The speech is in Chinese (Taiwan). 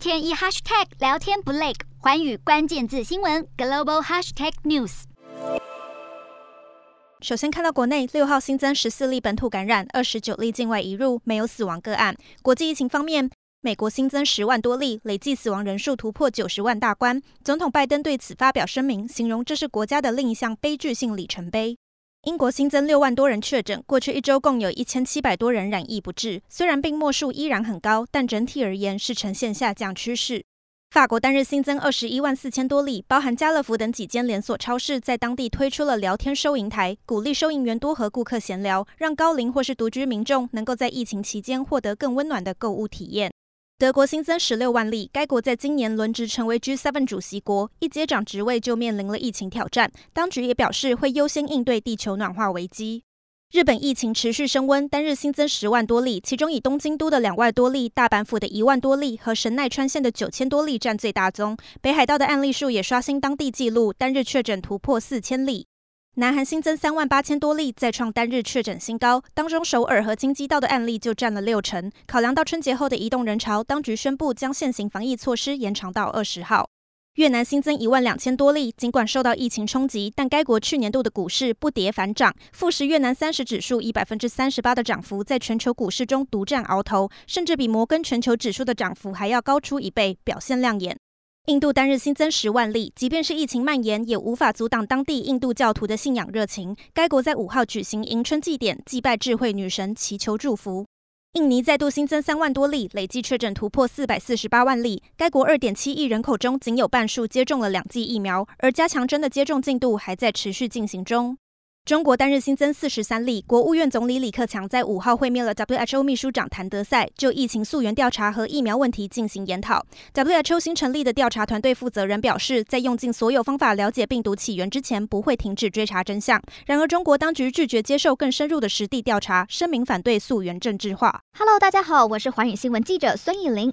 天一 hashtag 聊天不累，寰宇關鍵字新聞 global hashtag news。首先看到國內六號新增十四例本土感染，二十九例境外移入，沒有死亡個案。國際疫情方面，美國新增十萬多例，累計死亡人數突破九十萬大關。總統拜登對此發表聲明，形容這是國家的另一項悲劇性里程碑。英國新增六萬多人確診，過去一周共有一千七百多人染疫不治。雖然病歿數依然很高，但整體而言是呈現下降趨勢。法國單日新增二十一萬四千多例，包含家樂福等幾間連鎖超市在當地推出了聊天收銀台，鼓勵收銀員多和顧客閒聊，讓高齡或是獨居民眾能夠在疫情期間獲得更溫暖的購物體驗。德國新增十六萬例，該國在今年輪值成為 G7 主席國，一接掌職位就面臨了疫情挑戰。當局也表示會優先應對地球暖化危機。日本疫情持續升溫，單日新增十萬多例，其中以東京都的兩萬多例、大阪府的一萬多例和神奈川縣的九千多例占最大宗。北海道的案例數也刷新當地紀錄，單日確診突破四千例。南韓新增三萬八千多例，再創單日確診新高，當中首爾和京畿道的案例就占了六成。考量到春節後的移動人潮，當局宣布將現行防疫措施延長到二十號。越南新增一萬兩千多例，盡管受到疫情衝擊，但該國去年度的股市不跌反漲，富時越南三十指數以百分之三十八的漲幅，在全球股市中獨占鰲頭，甚至比摩根全球指數的漲幅還要高出一倍，表現亮眼。印度單日新增十萬例，即便是疫情蔓延，也無法阻擋當地印度教徒的信仰熱情。該國在五號舉行迎春祭典，祭拜智慧女神，祈求祝福。印尼再度新增三萬多例，累計確診突破四百四十八萬例。該國二點七億人口中，僅有半數接種了兩劑疫苗，而加強針的接種進度還在持續進行中。中國單日新增四十三例。國務院總理李克強在五號會面了 WHO 秘書長譚德塞，就疫情溯源調查和疫苗問題進行研討。WHO 新成立的調查團隊負責人表示，在用盡所有方法了解病毒起源之前，不會停止追查真相。然而，中國當局拒絕接受更深入的實地調查，聲明反對溯源政治化。Hello，大家好，我是寰宇新聞記者孫藝玲。